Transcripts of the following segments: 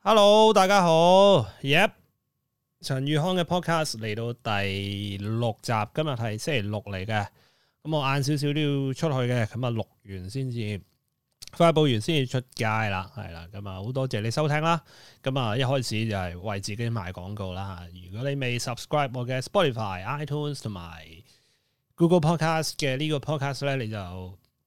Hello，大家好，Yep，陳宇康嘅 Podcast 嚟到第六集，今日係星期六嚟嘅，咁、嗯、我晏少少都要出去嘅，咁啊錄完先至快報完先至出街啦，係啦，咁啊好多謝你收聽啦，咁、嗯、啊一開始就係為自己賣廣告啦，如果你未 subscribe 我嘅 Spotify、iTunes 同埋 Google Podcast 嘅 Pod 呢個 Podcast 咧，你就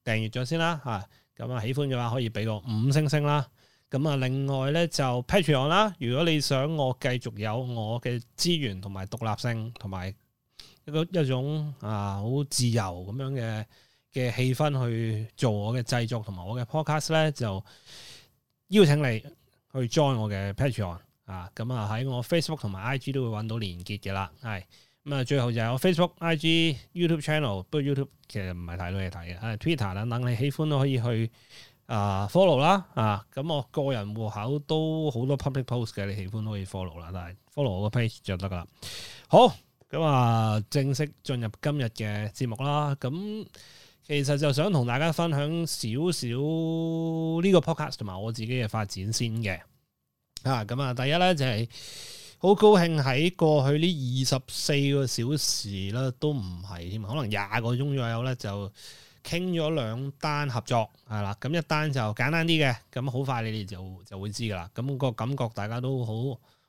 訂閱咗先啦，吓、嗯，咁、嗯、啊喜歡嘅話可以俾個五星星啦。咁啊，另外咧就 Patreon 啦，如果你想我繼續有我嘅資源同埋獨立性，同埋一個一種啊好自由咁樣嘅嘅氣氛去做我嘅製作同埋我嘅 podcast 咧，就邀請你去 join 我嘅 Patreon 啊！咁啊喺我 Facebook 同埋 IG 都會揾到連結嘅啦，係。咁啊，最後就有 Facebook、IG、YouTube channel，不過 YouTube 其實唔係太多嘢睇嘅，Twitter 等等你喜歡都可以去。啊、uh, follow 啦啊，咁我個人戶口都好多 public post 嘅，你喜歡都可以 follow 啦。但係 follow 我個 page 就得噶啦。好，咁啊，正式進入今日嘅節目啦。咁其實就想同大家分享少少呢個 podcast 同埋我自己嘅發展先嘅。啊咁啊，第一咧就係、是、好高興喺過去呢二十四個小時啦，都唔係添，可能廿個鐘左右咧就。傾咗兩單合作，係啦，咁一單就簡單啲嘅，咁好快你哋就就會知噶啦。咁個感覺大家都好，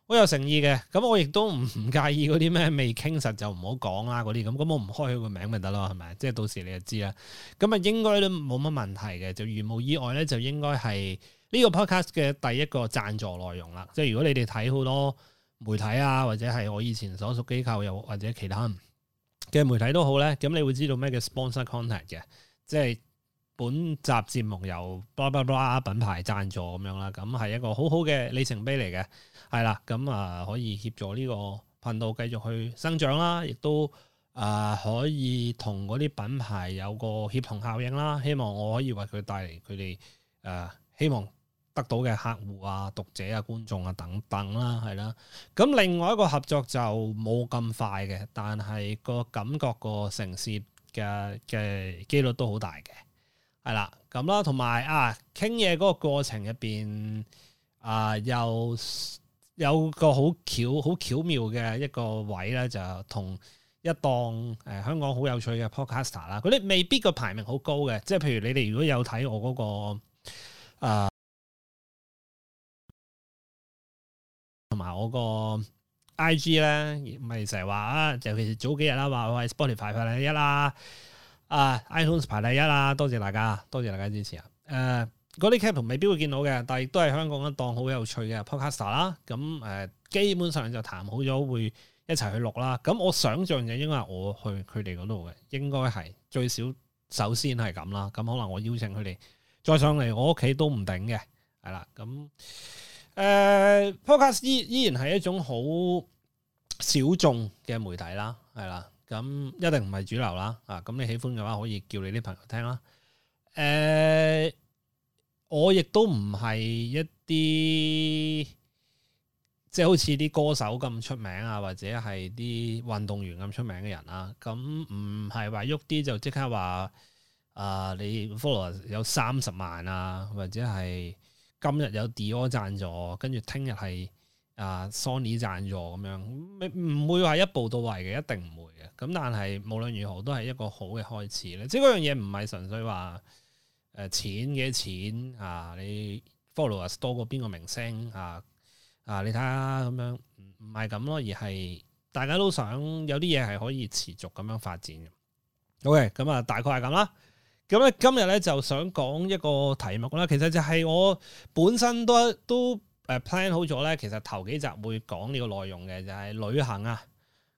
好有誠意嘅。咁我亦都唔介意嗰啲咩未傾實就唔好講啦，嗰啲咁。咁我唔開佢個名咪得咯，係咪？即係到時你就知啦。咁啊，應該都冇乜問題嘅，就如無意外咧，就應該係呢個 podcast 嘅第一個贊助內容啦。即係如果你哋睇好多媒體啊，或者係我以前所屬機構又或者其他。嘅媒體都好咧，咁你會知道咩叫 sponsor content 嘅，即係本集節目由 blah blah blah 品牌贊助咁樣啦，咁係一個好好嘅里程碑嚟嘅，係啦，咁啊、呃、可以協助呢個頻道繼續去生長啦，亦都啊、呃、可以同嗰啲品牌有個協同效應啦，希望我可以為佢帶嚟佢哋誒希望。得到嘅客戶啊、讀者啊、觀眾啊等等啦，係啦。咁另外一個合作就冇咁快嘅，但係個感覺、個成事嘅嘅機率都好大嘅，係啦。咁啦，同埋啊，傾嘢嗰個過程入邊啊，又有個好巧好巧妙嘅一個位咧，就同一檔誒、呃、香港好有趣嘅 podcast 啦。嗰啲未必個排名好高嘅，即係譬如你哋如果有睇我嗰、個啊。呃嗱，我個 I G 咧，唔係成日話啊，尤其是早幾日啦，話我係 Spotify 排第一啦，啊，iTunes 排第一啦，多謝大家，多謝大家支持啊，誒、呃，嗰啲 caption 未必會見到嘅，但係亦都係香港一檔好有趣嘅 Podcaster 啦、啊，咁、啊、誒，基本上就談好咗會一齊去錄啦，咁我想象嘅應該係我去佢哋嗰度嘅，應該係最少首先係咁啦，咁可能我邀請佢哋再上嚟我屋企都唔定嘅，係啦，咁。誒、uh，podcast 依依然係一種好小眾嘅媒體啦，係啦，咁、嗯、一定唔係主流啦，啊，咁、嗯、你喜歡嘅話可以叫你啲朋友聽啦。誒、啊，我亦都唔係一啲即係好似啲歌手咁出名啊，或者係啲運動員咁出名嘅人啊，咁唔係話喐啲就即刻話，啊，你 follow 有三十萬啊，或者係。今日有 Dior 讚助，跟住聽日係啊 Sony 讚助咁樣，唔唔會話一步到位嘅，一定唔會嘅。咁但係無論如何，都係一個好嘅開始咧。即係嗰樣嘢唔係純粹話誒、呃、錢嘅錢啊，你 followers 多過邊個明星啊啊？你睇下咁樣，唔唔係咁咯，而係大家都想有啲嘢係可以持續咁樣發展嘅。OK，咁啊，大概係咁啦。咁咧今日咧就想講一個題目啦，其實就係我本身都都誒 plan 好咗咧，其實頭幾集會講呢個內容嘅，就係、是、旅行啊，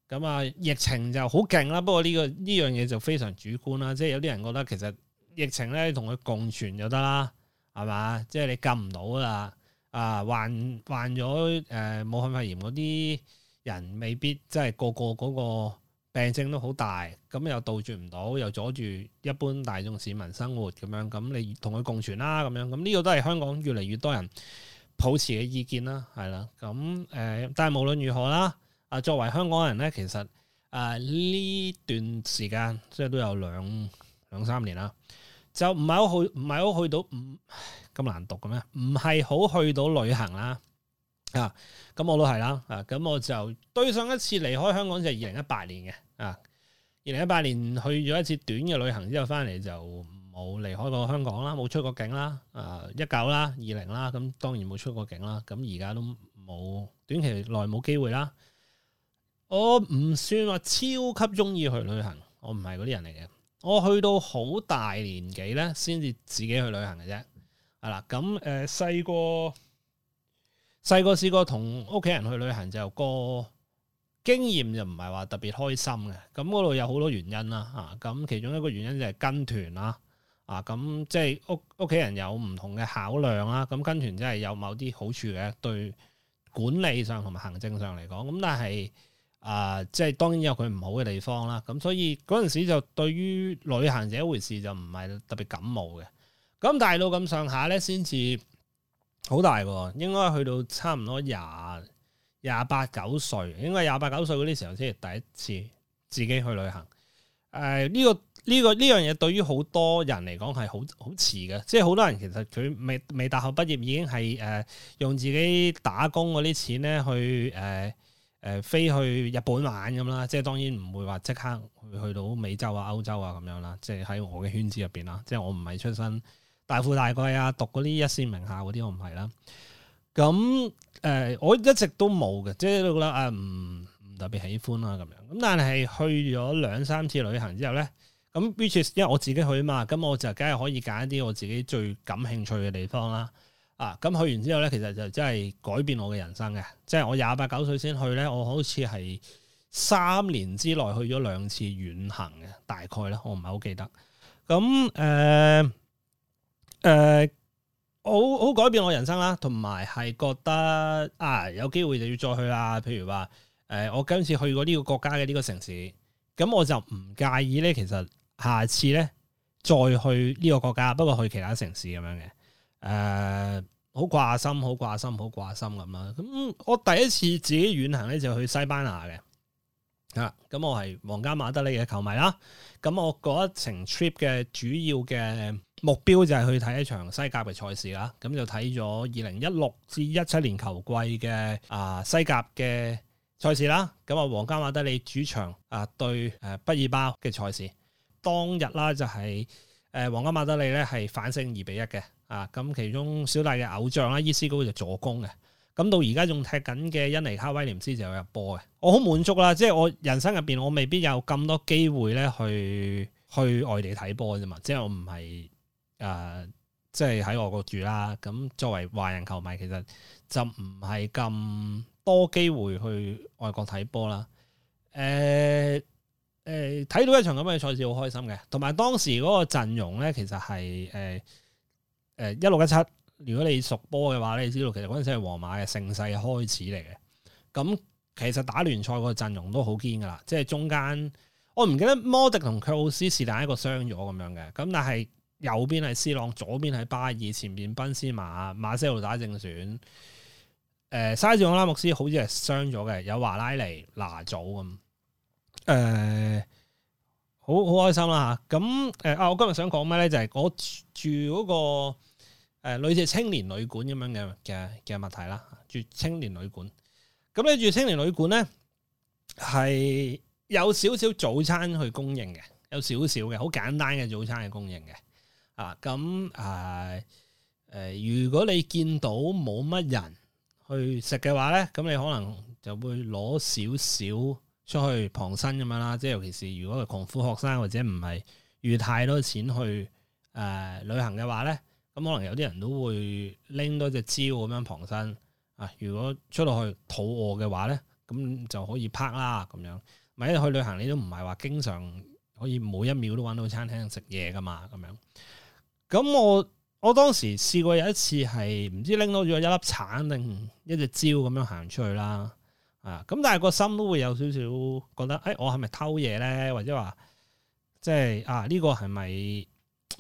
咁、嗯、啊疫情就好勁啦，不過呢、這個呢樣嘢就非常主觀啦，即、就、係、是、有啲人覺得其實疫情咧同佢共存就得啦，係嘛？即、就、係、是、你禁唔到噶啦，啊患患咗誒武漢肺炎嗰啲人未必即係、就是、個個嗰、那個。病症都好大，咁又杜絕唔到，又阻住一般大眾市民生活咁樣，咁你同佢共存啦咁樣，咁呢個都係香港越嚟越多人抱持嘅意見啦，係啦，咁誒、呃，但係無論如何啦，啊，作為香港人咧，其實誒呢、啊、段時間即係都有兩兩三年啦，就唔係好去唔係好去到唔咁難讀嘅咩？唔係好去到旅行啦。啊，咁我都係啦，啊，咁我就對上一次離開香港就係二零一八年嘅，啊，二零一八年去咗一次短嘅旅行之後翻嚟就冇離開過香港啦，冇出過境啦，啊，一九啦，二零啦，咁當然冇出過境啦，咁而家都冇短期內冇機會啦。我唔算話超級中意去旅行，我唔係嗰啲人嚟嘅，我去到好大年紀咧，先至自己去旅行嘅啫。啊嗱，咁誒細個。呃細個試過同屋企人去旅行就個經驗就唔係話特別開心嘅，咁嗰度有好多原因啦吓，咁、啊、其中一個原因就係跟團啦，啊咁即係屋屋企人有唔同嘅考量啦，咁跟團真係有某啲好處嘅，對管理上同埋行政上嚟講，咁但係啊即係、就是、當然有佢唔好嘅地方啦，咁所以嗰陣時就對於旅行呢一回事就唔係特別感冒嘅，咁大到咁上下咧先至。好大個，應該去到差唔多廿廿八九歲，應該廿八九歲嗰啲時候先係第一次自己去旅行。誒、呃，呢、呢個呢、呢個呢樣嘢對於好多人嚟講係好好遲嘅，即係好多人其實佢未未大學畢業已經係誒、呃、用自己打工嗰啲錢咧去誒誒、呃呃、飛去日本玩咁啦，即係當然唔會話即刻去去到美洲啊、歐洲啊咁樣啦。即係喺我嘅圈子入邊啦，即係我唔係出身。大富大貴啊！讀嗰啲一線名校嗰啲，我唔係啦。咁誒、呃，我一直都冇嘅，即係都覺得誒，唔、啊、唔、嗯、特別喜歡啦、啊、咁樣。咁但係去咗兩三次旅行之後咧，咁 because 因為我自己去啊嘛，咁我就梗係可以揀一啲我自己最感興趣嘅地方啦。啊，咁去完之後咧，其實就真係改變我嘅人生嘅。即係我廿八九歲先去咧，我好似係三年之內去咗兩次遠行嘅，大概咧，我唔係好記得。咁誒。呃誒，好、呃、好改變我人生啦，同埋係覺得啊，有機會就要再去啦。譬如話，誒、呃，我今次去過呢個國家嘅呢個城市，咁我就唔介意咧。其實下次咧再去呢個國家，不過去其他城市咁樣嘅。誒、呃，好掛心，好掛心，好掛心咁樣。咁、嗯、我第一次自己遠行咧就去西班牙嘅。啊，咁、嗯、我係皇家馬德里嘅球迷啦，咁我嗰一程 trip 嘅主要嘅目標就係去睇一場西甲嘅賽事啦，咁就睇咗二零一六至一七年球季嘅啊西甲嘅賽事啦，咁啊皇家馬德里主場啊對誒畢爾包嘅賽事，當日啦就係誒皇家馬德里咧係反勝二比一嘅，啊咁其中小麗嘅偶像啦伊斯高就助攻嘅。咁到而家仲踢緊嘅恩尼卡威廉斯就有入波嘅，我好滿足啦！即係我人生入邊，我未必有咁多機會咧去去外地睇波啫嘛，即係我唔係誒，即係喺外國住啦。咁作為華人球迷，其實就唔係咁多機會去外國睇波啦。誒、呃、誒，睇、呃、到一場咁嘅賽事好開心嘅，同埋當時嗰個陣容咧，其實係誒誒一六一七。呃呃如果你熟波嘅話，你知道其實嗰陣時係皇馬嘅盛世開始嚟嘅。咁其實打聯賽個陣容都好堅噶啦，即係中間我唔記得摩迪同卡奧斯是但一個傷咗咁樣嘅。咁但係右邊係 C 朗，左邊係巴爾，前邊賓斯馬馬西路打正選。誒、呃，沙治奧拉莫斯好似係傷咗嘅，有華拉尼、拿祖咁。誒、呃，好好開心啦、啊、吓。咁誒，啊、呃，我今日想講咩咧？就係我住嗰個。誒、類似青年旅館咁樣嘅嘅嘅物體啦，住青年旅館。咁你住青年旅館咧，係有少少早餐去供應嘅，有少少嘅好簡單嘅早餐去供應嘅。啊，咁啊誒，如果你見到冇乜人去食嘅話咧，咁你可能就會攞少少出去傍身咁樣啦。即係尤其是如果係窮苦學生或者唔係預太多錢去誒、呃、旅行嘅話咧。咁、嗯、可能有啲人都會拎多隻蕉咁樣旁身啊！如果出到去肚餓嘅話咧，咁就可以啪啦，咁樣。咪一去旅行，你都唔係話經常可以每一秒都揾到餐廳食嘢噶嘛，咁樣。咁我我當時試過有一次係唔知拎到咗一粒橙定一隻蕉咁樣行出去啦啊！咁但係個心都會有少少覺得，誒、哎，我係咪偷嘢咧，或者話即係啊？呢、這個係咪？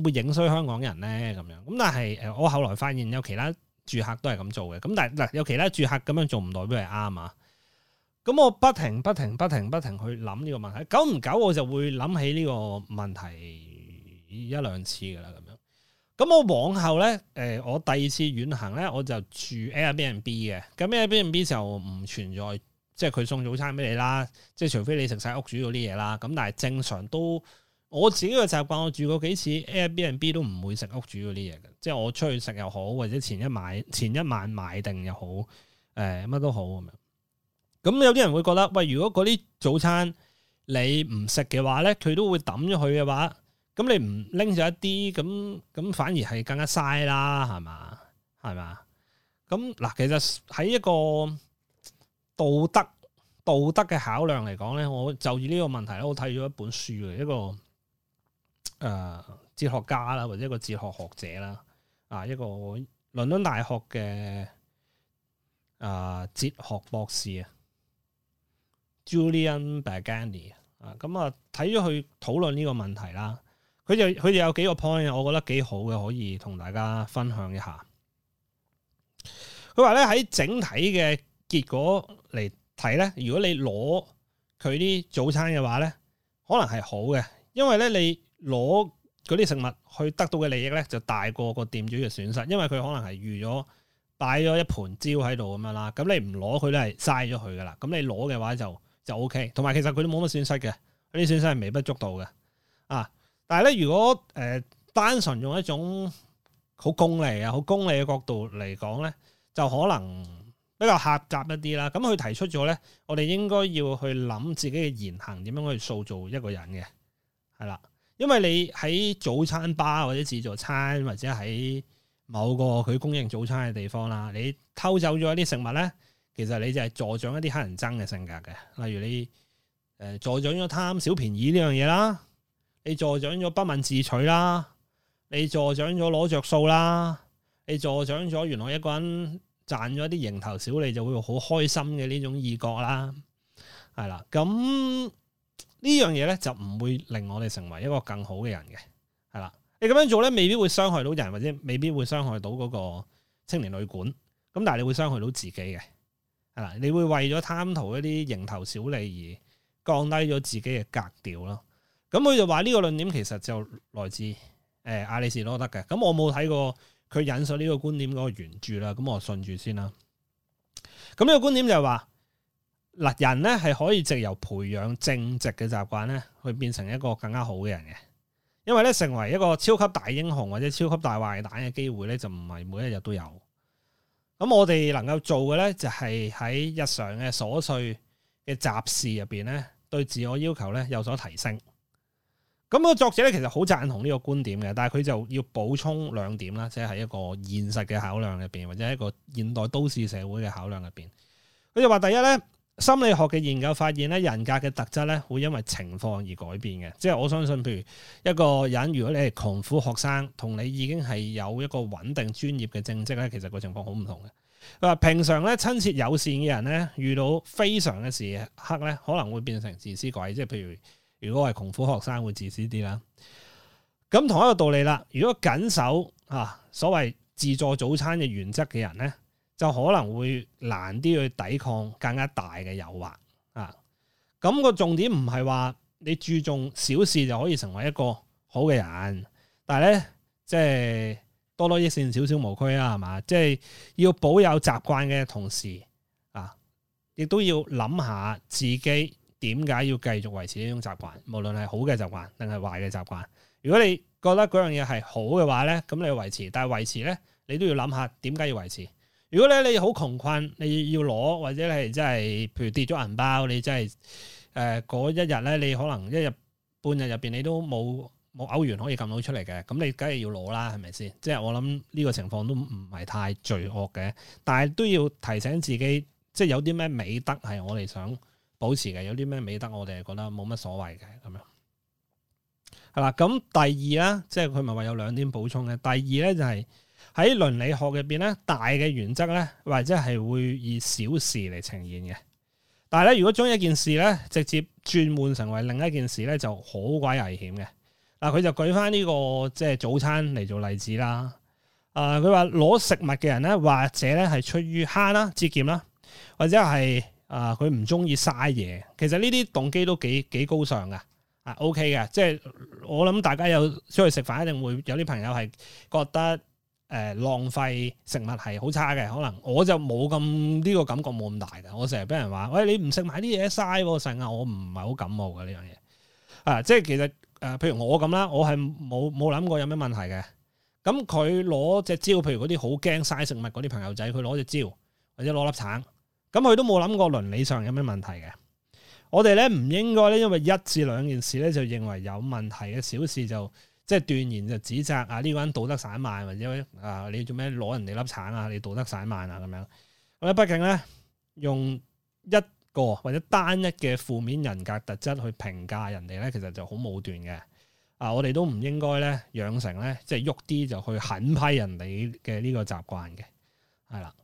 會影衰香港人咧，咁樣，咁但係誒，我後來發現有其他住客都係咁做嘅。咁但係嗱，有其他住客咁樣做唔代表係啱啊！咁我不停不停不停不停去諗呢個問題，久唔久我就會諗起呢個問題一兩次噶啦咁樣。咁我往後咧，誒，我第二次遠行咧，我就住 Airbnb 嘅，咁 Airbnb 就唔存在，即係佢送早餐俾你啦，即係除非你食晒屋主嗰啲嘢啦，咁但係正常都。我自己嘅習慣，我住過幾次 Airbnb 都唔會食屋主嗰啲嘢嘅，即係我出去食又好，或者前一買前一晚買定又好，誒、呃、乜都好咁樣。咁有啲人會覺得，喂，如果嗰啲早餐你唔食嘅話咧，佢都會抌咗佢嘅話，咁你唔拎咗一啲，咁咁反而係更加嘥啦，係嘛，係嘛？咁嗱，其實喺一個道德道德嘅考量嚟講咧，我就以呢個問題咧，我睇咗一本書嘅一個。誒、啊，哲學家啦，或者一個哲學學者啦，啊，一個倫敦大學嘅誒、啊、哲學博士啊，Julian Bagani 啊，咁啊睇咗去討論呢個問題啦，佢就佢哋有幾個 point，我覺得幾好嘅，可以同大家分享一下。佢話咧，喺整體嘅結果嚟睇咧，如果你攞佢啲早餐嘅話咧，可能係好嘅，因為咧你。攞嗰啲食物去得到嘅利益咧，就大過個店主嘅損失，因為佢可能係預咗擺咗一盤蕉喺度咁樣啦。咁你唔攞佢都係嘥咗佢噶啦。咁你攞嘅話就就 OK。同埋其實佢都冇乜損失嘅，嗰啲損失係微不足道嘅。啊！但係咧，如果誒、呃、單純用一種好功利啊、好功利嘅角度嚟講咧，就可能比較狹窄一啲啦。咁佢提出咗咧，我哋應該要去諗自己嘅言行點樣去塑造一個人嘅，係啦。因為你喺早餐吧或者自助餐或者喺某個佢供應早餐嘅地方啦，你偷走咗一啲食物咧，其實你就係助長一啲乞人憎嘅性格嘅，例如你誒，助長咗貪小便宜呢樣嘢啦，你助長咗不問自取啦，你助長咗攞着數啦，你助長咗原來一個人賺咗一啲蠅頭小利就會好開心嘅呢種意覺啦，係啦，咁。呢樣嘢咧就唔會令我哋成為一個更好嘅人嘅，係啦。你咁樣做咧，未必會傷害到人，或者未必會傷害到嗰個青年旅館。咁但係你會傷害到自己嘅，係啦。你會為咗貪圖一啲蠅頭小利而降低咗自己嘅格調咯。咁、嗯、佢就話呢個論點其實就來自誒、呃、阿里士多德嘅。咁我冇睇過佢引述呢個觀點嗰個原著啦，咁、嗯、我信住先啦。咁、嗯、呢、這個觀點就係話。嗱，人咧係可以藉由培養正直嘅習慣咧，去變成一個更加好嘅人嘅。因為咧，成為一個超級大英雄或者超級大壞蛋嘅機會咧，就唔係每一日都有。咁我哋能夠做嘅咧，就係喺日常嘅瑣碎嘅雜事入邊咧，對自我要求咧有所提升。咁個作者咧，其實好贊同呢個觀點嘅，但係佢就要補充兩點啦，即係喺一個現實嘅考量入邊，或者一個現代都市社會嘅考量入邊。佢就話：第一咧。心理學嘅研究發現咧，人格嘅特質咧會因為情況而改變嘅。即係我相信，譬如一個人如果你係窮苦學生，同你已經係有一個穩定專業嘅正職咧，其實個情況好唔同嘅。佢話，平常咧親切友善嘅人咧，遇到非常嘅時刻咧，可能會變成自私鬼。即係譬如，如果係窮苦學生會自私啲啦。咁同一個道理啦。如果緊守啊所謂自助早餐嘅原則嘅人咧。就可能會難啲去抵抗更加大嘅誘惑啊！咁個重點唔係話你注重小事就可以成為一個好嘅人，但係咧即係多多益善，少少無拘啦，係嘛？即係要保有習慣嘅同時啊，亦都要諗下自己點解要繼續維持呢種習慣，無論係好嘅習慣定係壞嘅習慣。如果你覺得嗰樣嘢係好嘅話咧，咁你要維持，但係維持咧，你都要諗下點解要維持。如果咧你好窮困，你要攞或者你係真係，譬如跌咗銀包，你真係誒嗰一日咧，你可能一日半日入邊你都冇冇歐元可以撳到出嚟嘅，咁你梗係要攞啦，係咪先？即係我諗呢個情況都唔係太罪惡嘅，但係都要提醒自己，即係有啲咩美德係我哋想保持嘅，有啲咩美德我哋係覺得冇乜所謂嘅咁樣。係咪？係啦，咁第二啦，即係佢咪話有兩點補充嘅，第二咧就係。喺倫理學入邊咧，大嘅原則咧，或者係會以小事嚟呈現嘅。但係咧，如果將一件事咧直接轉換成為另一件事咧，就好鬼危險嘅。嗱、呃，佢就舉翻呢、這個即係早餐嚟做例子啦。啊、呃，佢話攞食物嘅人咧，或者咧係出於慳啦、節儉啦，或者係啊，佢唔中意嘥嘢。其實呢啲動機都幾幾高尚噶，啊 OK 嘅。即係我諗大家有出去食飯，一定會有啲朋友係覺得。誒、呃，浪費食物係好差嘅，可能我就冇咁呢個感覺，冇咁大嘅。我成日俾人話，喂，你唔食埋啲嘢嘥，成日我唔係好感冒嘅呢樣嘢啊！即係其實誒、呃，譬如我咁啦，我係冇冇諗過有咩問題嘅。咁佢攞隻蕉，譬如嗰啲好驚嘥食物嗰啲朋友仔，佢攞隻蕉或者攞粒橙，咁、嗯、佢都冇諗過倫理上有咩問題嘅。我哋咧唔應該咧，因為一至兩件事咧就認為有問題嘅小事就。即係斷言就指責啊，呢個人道德散漫，或者啊，你做咩攞人哋粒橙啊？你道德散漫啊咁樣。咁啊，畢竟咧用一個或者單一嘅負面人格特質去評價人哋咧，其實就好武斷嘅。啊，我哋都唔應該咧養成咧即係喐啲就去狠批人哋嘅呢個習慣嘅。係啦，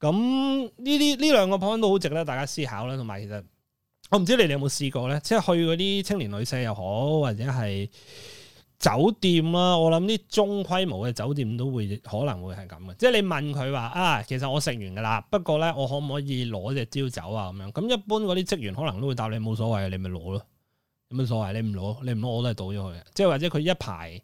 咁呢啲呢兩個 point 都好值得大家思考啦。同埋其實我唔知你哋有冇試過咧，即係去嗰啲青年旅舍又好，或者係。酒店啦、啊，我諗啲中規模嘅酒店都會可能會係咁嘅。即係你問佢話啊，其實我食完噶啦，不過咧我可唔可以攞隻蕉走啊？咁樣咁一般嗰啲職員可能都會答你冇所謂，你咪攞咯，有乜所謂？你唔攞，你唔攞我都係倒咗佢嘅。即係或者佢一排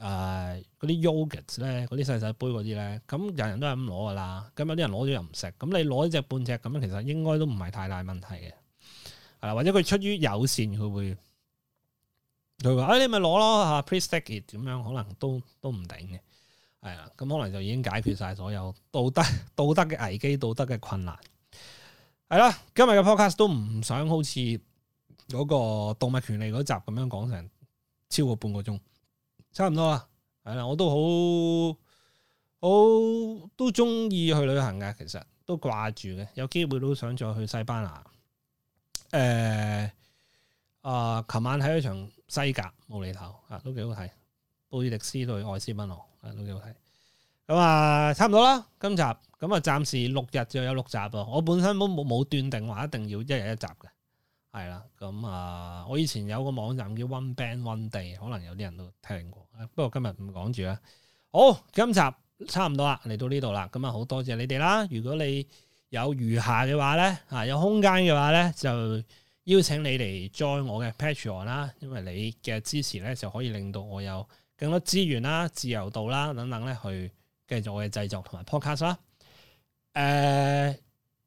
誒嗰啲 yogurt 咧，嗰啲細細杯嗰啲咧，咁人人都係咁攞噶啦，咁有啲人攞咗又唔食，咁你攞隻半隻咁樣，其實應該都唔係太大問題嘅。係啦，或者佢出於友善，佢會。佢話：誒、啊，你咪攞咯吓，please take it，點樣可能都都唔頂嘅，係啊，咁可能就已經解決晒所有道德道德嘅危機、道德嘅困難，係啦。今日嘅 podcast 都唔想好似嗰個動物權利嗰集咁樣講成超過半個鐘，差唔多啦，係啦，我都好好都中意去旅行㗎，其實都掛住嘅，有機會都想再去西班牙，誒、呃。啊！琴、呃、晚喺一場西甲冇厘頭啊，都幾好睇。貝迪斯對愛斯賓奴，啊，都幾好睇。咁啊，嗯、差唔多啦。今集咁啊，暫、嗯、時六日就有六集咯。我本身都冇冇斷定話一定要一日一集嘅，係啦。咁、嗯、啊、嗯，我以前有個網站叫 One Band One Day，可能有啲人都聽過。不過今日唔講住啦。好，今集差唔多啦，嚟到呢度啦。咁、嗯、啊，好、嗯、多謝你哋啦。如果你有餘下嘅話咧，啊，有空間嘅話咧就。邀請你嚟 join 我嘅 Patreon 啦，因為你嘅支持咧就可以令到我有更多資源啦、自由度啦等等咧，去繼續我嘅製作同埋 podcast 啦。誒、呃，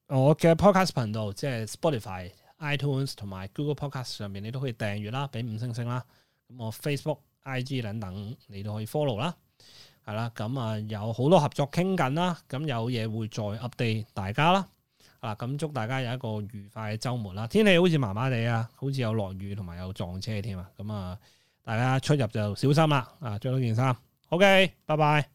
我嘅 podcast 頻道即係 Spotify、iTunes 同埋 Google Podcast 上面，你都可以訂閱啦，俾五星星啦。咁我 Facebook、IG 等等，你都可以 follow 啦。係啦，咁啊有好多合作傾緊啦，咁有嘢會再 update 大家啦。嗱，咁祝大家有一個愉快嘅週末啦！天氣好似麻麻地啊，好似有落雨同埋有撞車添啊，咁啊，大家出入就小心啦！啊，著多件衫，OK，拜拜。